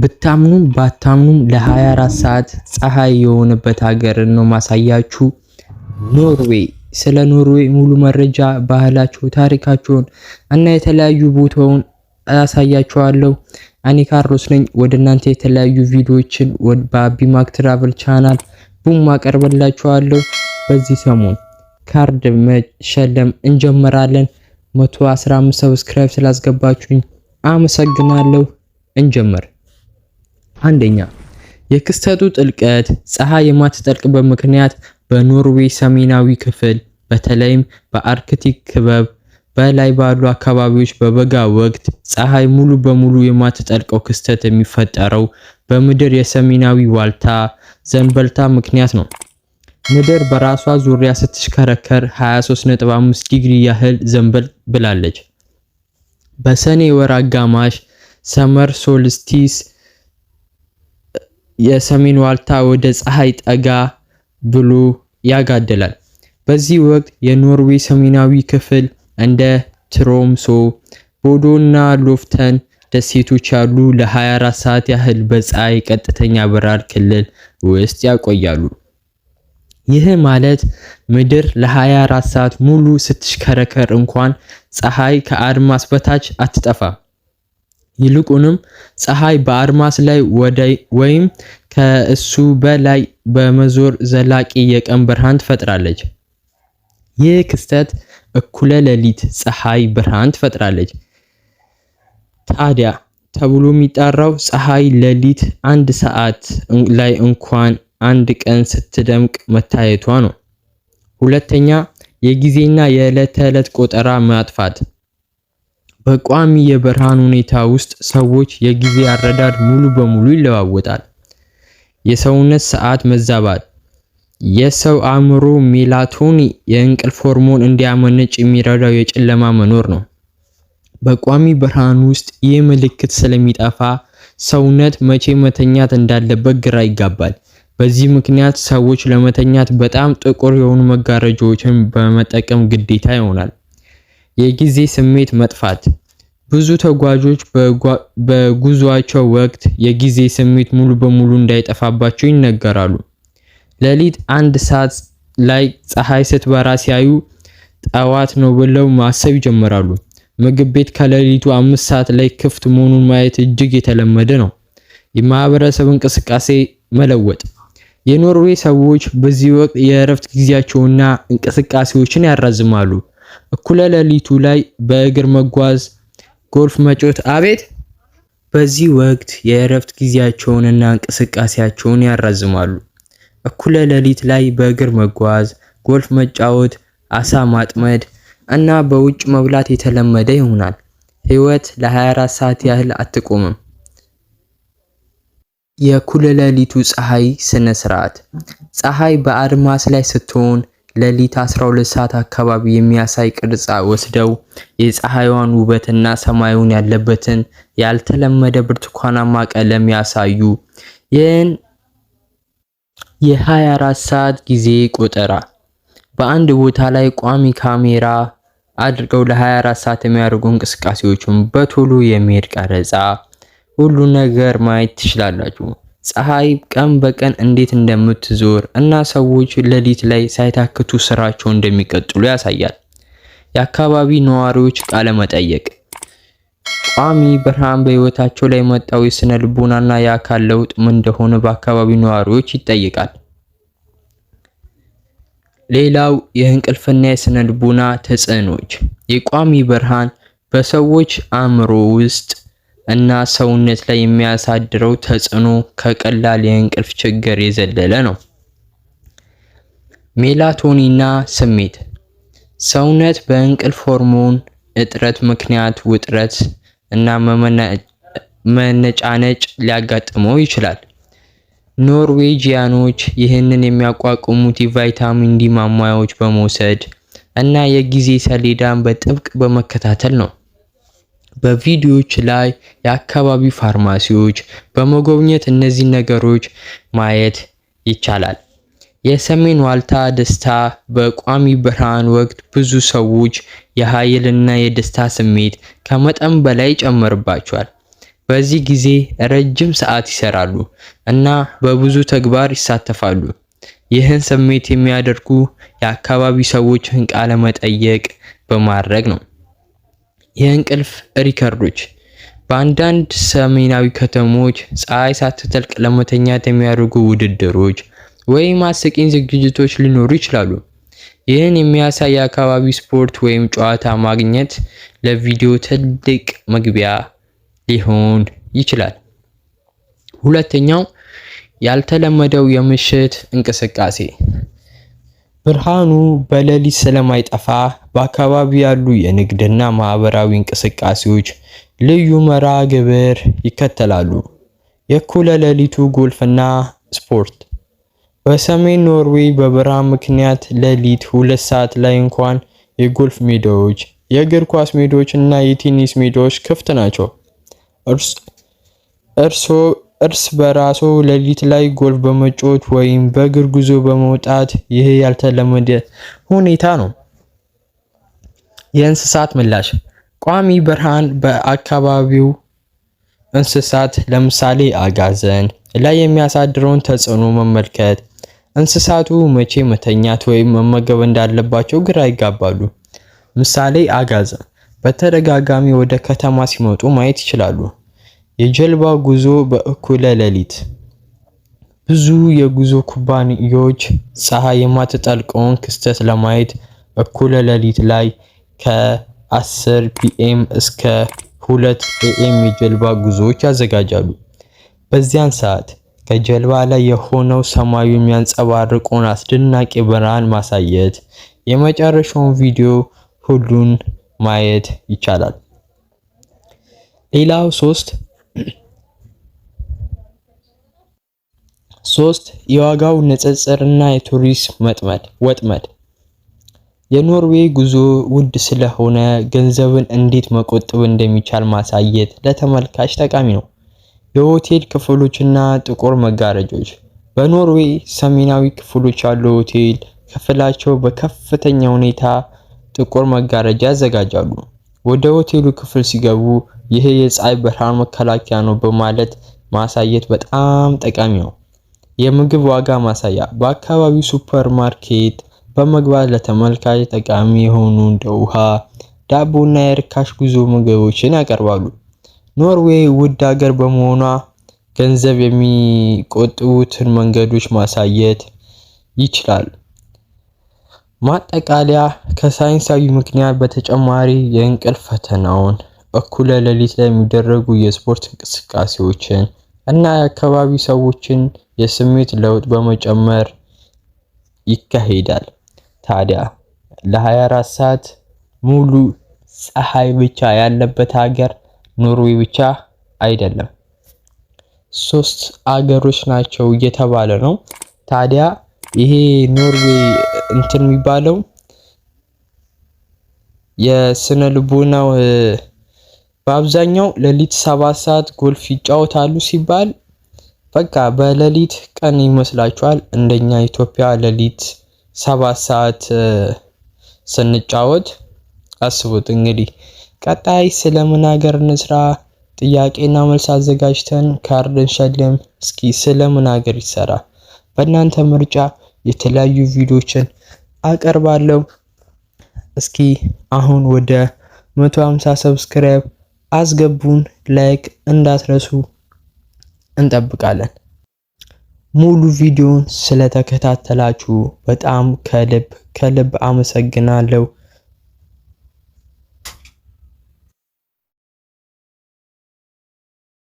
ብታምኑም ባታምኑም ለ24 ሰዓት ፀሐይ የሆነበት ሀገር ነው ማሳያችሁ፣ ኖርዌይ። ስለ ኖርዌይ ሙሉ መረጃ፣ ባህላቸው፣ ታሪካቸውን እና የተለያዩ ቦታውን አሳያችኋለሁ። እኔ ካርሎስ ነኝ። ወደ እናንተ የተለያዩ ቪዲዮዎችን በአቢማክ ትራቨል ቻናል ቡም አቀርበላችኋለሁ። በዚህ ሰሞን ካርድ መሸለም እንጀምራለን። 115 ሰብስክራይብ ስላስገባችሁኝ አመሰግናለሁ። እንጀምር። አንደኛ የክስተቱ ጥልቀት ፀሐይ የማትጠልቅበት ምክንያት በኖርዌይ ሰሜናዊ ክፍል በተለይም በአርክቲክ ክበብ በላይ ባሉ አካባቢዎች በበጋ ወቅት ፀሐይ ሙሉ በሙሉ የማትጠልቀው ክስተት የሚፈጠረው በምድር የሰሜናዊ ዋልታ ዘንበልታ ምክንያት ነው። ምድር በራሷ ዙሪያ ስትሽከረከር 23.5 ዲግሪ ያህል ዘንበል ብላለች። በሰኔ ወር አጋማሽ ሰመር ሶልስቲስ የሰሜን ዋልታ ወደ ፀሐይ ጠጋ ብሎ ያጋድላል። በዚህ ወቅት የኖርዌይ ሰሜናዊ ክፍል እንደ ትሮምሶ ቦዶና ሎፍተን ደሴቶች ያሉ ለ24 ሰዓት ያህል በፀሐይ ቀጥተኛ ብርሃን ክልል ውስጥ ያቆያሉ። ይህ ማለት ምድር ለ24 ሰዓት ሙሉ ስትሽከረከር እንኳን ፀሐይ ከአድማስ በታች አትጠፋም። ይልቁንም ፀሐይ በአድማስ ላይ ወይም ከእሱ በላይ በመዞር ዘላቂ የቀን ብርሃን ትፈጥራለች። ይህ ክስተት እኩለ ሌሊት ፀሐይ ብርሃን ትፈጥራለች ታዲያ ተብሎ የሚጠራው ፀሐይ ሌሊት አንድ ሰዓት ላይ እንኳን አንድ ቀን ስትደምቅ መታየቷ ነው። ሁለተኛ የጊዜና የዕለት ተዕለት ቆጠራ ማጥፋት በቋሚ የብርሃን ሁኔታ ውስጥ ሰዎች የጊዜ አረዳድ ሙሉ በሙሉ ይለዋወጣል። የሰውነት ሰዓት መዛባት የሰው አእምሮ ሜላቶኒ የእንቅልፍ ሆርሞን እንዲያመነጭ የሚረዳው የጨለማ መኖር ነው። በቋሚ ብርሃን ውስጥ ይህ ምልክት ስለሚጠፋ ሰውነት መቼ መተኛት እንዳለበት ግራ ይጋባል። በዚህ ምክንያት ሰዎች ለመተኛት በጣም ጥቁር የሆኑ መጋረጃዎችን በመጠቀም ግዴታ ይሆናል። የጊዜ ስሜት መጥፋት ብዙ ተጓዦች በጉዟቸው ወቅት የጊዜ ስሜት ሙሉ በሙሉ እንዳይጠፋባቸው ይነገራሉ። ሌሊት አንድ ሰዓት ላይ ፀሐይ ስትበራ ሲያዩ ጠዋት ነው ብለው ማሰብ ይጀምራሉ። ምግብ ቤት ከሌሊቱ አምስት ሰዓት ላይ ክፍት መሆኑን ማየት እጅግ የተለመደ ነው። የማህበረሰብ እንቅስቃሴ መለወጥ የኖርዌይ ሰዎች በዚህ ወቅት የእረፍት ጊዜያቸውና እንቅስቃሴዎችን ያራዝማሉ። እኩለ ሌሊቱ ላይ በእግር መጓዝ፣ ጎልፍ መጮት አቤት! በዚህ ወቅት የእረፍት ጊዜያቸውንና እንቅስቃሴያቸውን ያራዝማሉ። እኩለ ሌሊት ላይ በእግር መጓዝ፣ ጎልፍ መጫወት፣ አሳ ማጥመድ እና በውጭ መብላት የተለመደ ይሆናል። ህይወት ለ24 ሰዓት ያህል አትቆምም። የእኩለ ሌሊቱ ፀሐይ ስነ ስርዓት ፀሐይ በአድማስ ላይ ስትሆን ሌሊት 12 ሰዓት አካባቢ የሚያሳይ ቅርጻ ወስደው የፀሐይዋን ውበትና ሰማዩን ያለበትን ያልተለመደ ብርቱካናማ ቀለም ያሳዩ። ይህን የ24 ሰዓት ጊዜ ቆጠራ በአንድ ቦታ ላይ ቋሚ ካሜራ አድርገው ለ24 ሰዓት የሚያደርጉ እንቅስቃሴዎችን በቶሎ የሚሄድ ቀረጻ ሁሉ ነገር ማየት ትችላላችሁ። ፀሐይ ቀን በቀን እንዴት እንደምትዞር እና ሰዎች ሌሊት ላይ ሳይታክቱ ስራቸው እንደሚቀጥሉ ያሳያል። የአካባቢ ነዋሪዎች ቃለ መጠየቅ ቋሚ ብርሃን በህይወታቸው ላይ መጣው የስነ ልቦናና የአካል ለውጥ ምን እንደሆነ በአካባቢ ነዋሪዎች ይጠይቃል። ሌላው የእንቅልፍና የስነ ልቦና ተጽዕኖች የቋሚ ብርሃን በሰዎች አእምሮ ውስጥ እና ሰውነት ላይ የሚያሳድረው ተጽዕኖ ከቀላል የእንቅልፍ ችግር የዘለለ ነው። ሜላቶኒና ስሜት ሰውነት በእንቅልፍ ሆርሞን እጥረት ምክንያት ውጥረት እና መነጫነጭ ሊያጋጥመው ይችላል። ኖርዌጂያኖች ይህንን የሚያቋቁሙት የቫይታሚን ዲ ማሟያዎች በመውሰድ እና የጊዜ ሰሌዳን በጥብቅ በመከታተል ነው። በቪዲዮዎች ላይ የአካባቢ ፋርማሲዎች በመጎብኘት እነዚህ ነገሮች ማየት ይቻላል። የሰሜን ዋልታ ደስታ በቋሚ ብርሃን ወቅት ብዙ ሰዎች የኃይልና የደስታ ስሜት ከመጠን በላይ ጨምርባቸዋል። በዚህ ጊዜ ረጅም ሰዓት ይሰራሉ እና በብዙ ተግባር ይሳተፋሉ። ይህን ስሜት የሚያደርጉ የአካባቢ ሰዎችን ቃለ መጠየቅ በማድረግ ነው። የእንቅልፍ ሪከርዶች በአንዳንድ ሰሜናዊ ከተሞች ፀሐይ ሳትጠልቅ ለመተኛት የሚያደርጉ ውድድሮች ወይም አስቂኝ ዝግጅቶች ሊኖሩ ይችላሉ። ይህን የሚያሳይ የአካባቢ ስፖርት ወይም ጨዋታ ማግኘት ለቪዲዮ ትልቅ መግቢያ ሊሆን ይችላል። ሁለተኛው ያልተለመደው የምሽት እንቅስቃሴ ብርሃኑ በሌሊት ስለማይጠፋ በአካባቢ ያሉ የንግድና ማህበራዊ እንቅስቃሴዎች ልዩ መርሃ ግብር ይከተላሉ። የእኩለ ሌሊቱ ጎልፍና ስፖርት በሰሜን ኖርዌይ በብርሃን ምክንያት ሌሊት ሁለት ሰዓት ላይ እንኳን የጎልፍ ሜዳዎች፣ የእግር ኳስ ሜዳዎች እና የቴኒስ ሜዳዎች ክፍት ናቸው። እርሶ እርስ በራሶ ሌሊት ላይ ጎልፍ በመጫወት ወይም በእግር ጉዞ በመውጣት ይህ ያልተለመደ ሁኔታ ነው። የእንስሳት ምላሽ ቋሚ ብርሃን በአካባቢው እንስሳት ለምሳሌ አጋዘን ላይ የሚያሳድረውን ተጽዕኖ መመልከት። እንስሳቱ መቼ መተኛት ወይም መመገብ እንዳለባቸው ግራ ይጋባሉ። ምሳሌ አጋዘን በተደጋጋሚ ወደ ከተማ ሲመጡ ማየት ይችላሉ። የጀልባ ጉዞ በእኩለ ሌሊት። ብዙ የጉዞ ኩባንያዎች ፀሐይ የማትጠልቀውን ክስተት ለማየት እኩለ ሌሊት ላይ ከ10 ፒኤም እስከ 2 ኤኤም የጀልባ ጉዞዎች ያዘጋጃሉ። በዚያን ሰዓት ከጀልባ ላይ የሆነው ሰማዩ የሚያንጸባርቀውን አስደናቂ ብርሃን ማሳየት፣ የመጨረሻውን ቪዲዮ ሁሉን ማየት ይቻላል። ሌላው ሶስት ሶስት የዋጋው ንጽጽር እና የቱሪስት መጥመድ ወጥመድ የኖርዌይ ጉዞ ውድ ስለሆነ ገንዘብን እንዴት መቆጠብ እንደሚቻል ማሳየት ለተመልካች ጠቃሚ ነው። የሆቴል ክፍሎችና ጥቁር መጋረጆች በኖርዌይ ሰሜናዊ ክፍሎች ያሉ ሆቴል ክፍላቸው በከፍተኛ ሁኔታ ጥቁር መጋረጃ ያዘጋጃሉ። ወደ ሆቴሉ ክፍል ሲገቡ ይሄ የፀሐይ ብርሃን መከላከያ ነው በማለት ማሳየት በጣም ጠቃሚ ነው። የምግብ ዋጋ ማሳያ በአካባቢው ሱፐር ማርኬት በመግባት ለተመልካች ጠቃሚ የሆኑ እንደ ውሃ፣ እና የርካሽ ጉዞ ምግቦችን ያቀርባሉ። ኖርዌይ ውድ ሀገር በመሆኗ ገንዘብ የሚቆጥቡትን መንገዶች ማሳየት ይችላል። ማጠቃለያ ከሳይንሳዊ ምክንያት በተጨማሪ የእንቅልፍ ፈተናውን እኩለ ሌሊት ላይ የሚደረጉ የስፖርት እንቅስቃሴዎችን እና የአካባቢ ሰዎችን የስሜት ለውጥ በመጨመር ይካሄዳል። ታዲያ ለ24 ሰዓት ሙሉ ፀሐይ ብቻ ያለበት ሀገር ኖርዌይ ብቻ አይደለም፣ ሶስት አገሮች ናቸው እየተባለ ነው። ታዲያ ይሄ ኖርዌይ እንትን የሚባለው የስነ ልቦናው በአብዛኛው ሌሊት ሰባት ሰዓት ጎልፍ ይጫወታሉ ሲባል በቃ በሌሊት ቀን ይመስላችኋል? እንደኛ ኢትዮጵያ ሌሊት ሰባት ሰዓት ስንጫወት አስቡት እንግዲህ። ቀጣይ ስለምን ሀገር እንስራ ጥያቄና መልስ አዘጋጅተን ካርድ እንሸልም። እስኪ ስለምን ሀገር ይሰራ በእናንተ ምርጫ የተለያዩ ቪዲዮችን አቀርባለሁ። እስኪ አሁን ወደ 150 ሰብስክራይብ አስገቡን። ላይክ እንዳትረሱ። እንጠብቃለን። ሙሉ ቪዲዮን ስለተከታተላችሁ በጣም ከልብ ከልብ አመሰግናለሁ።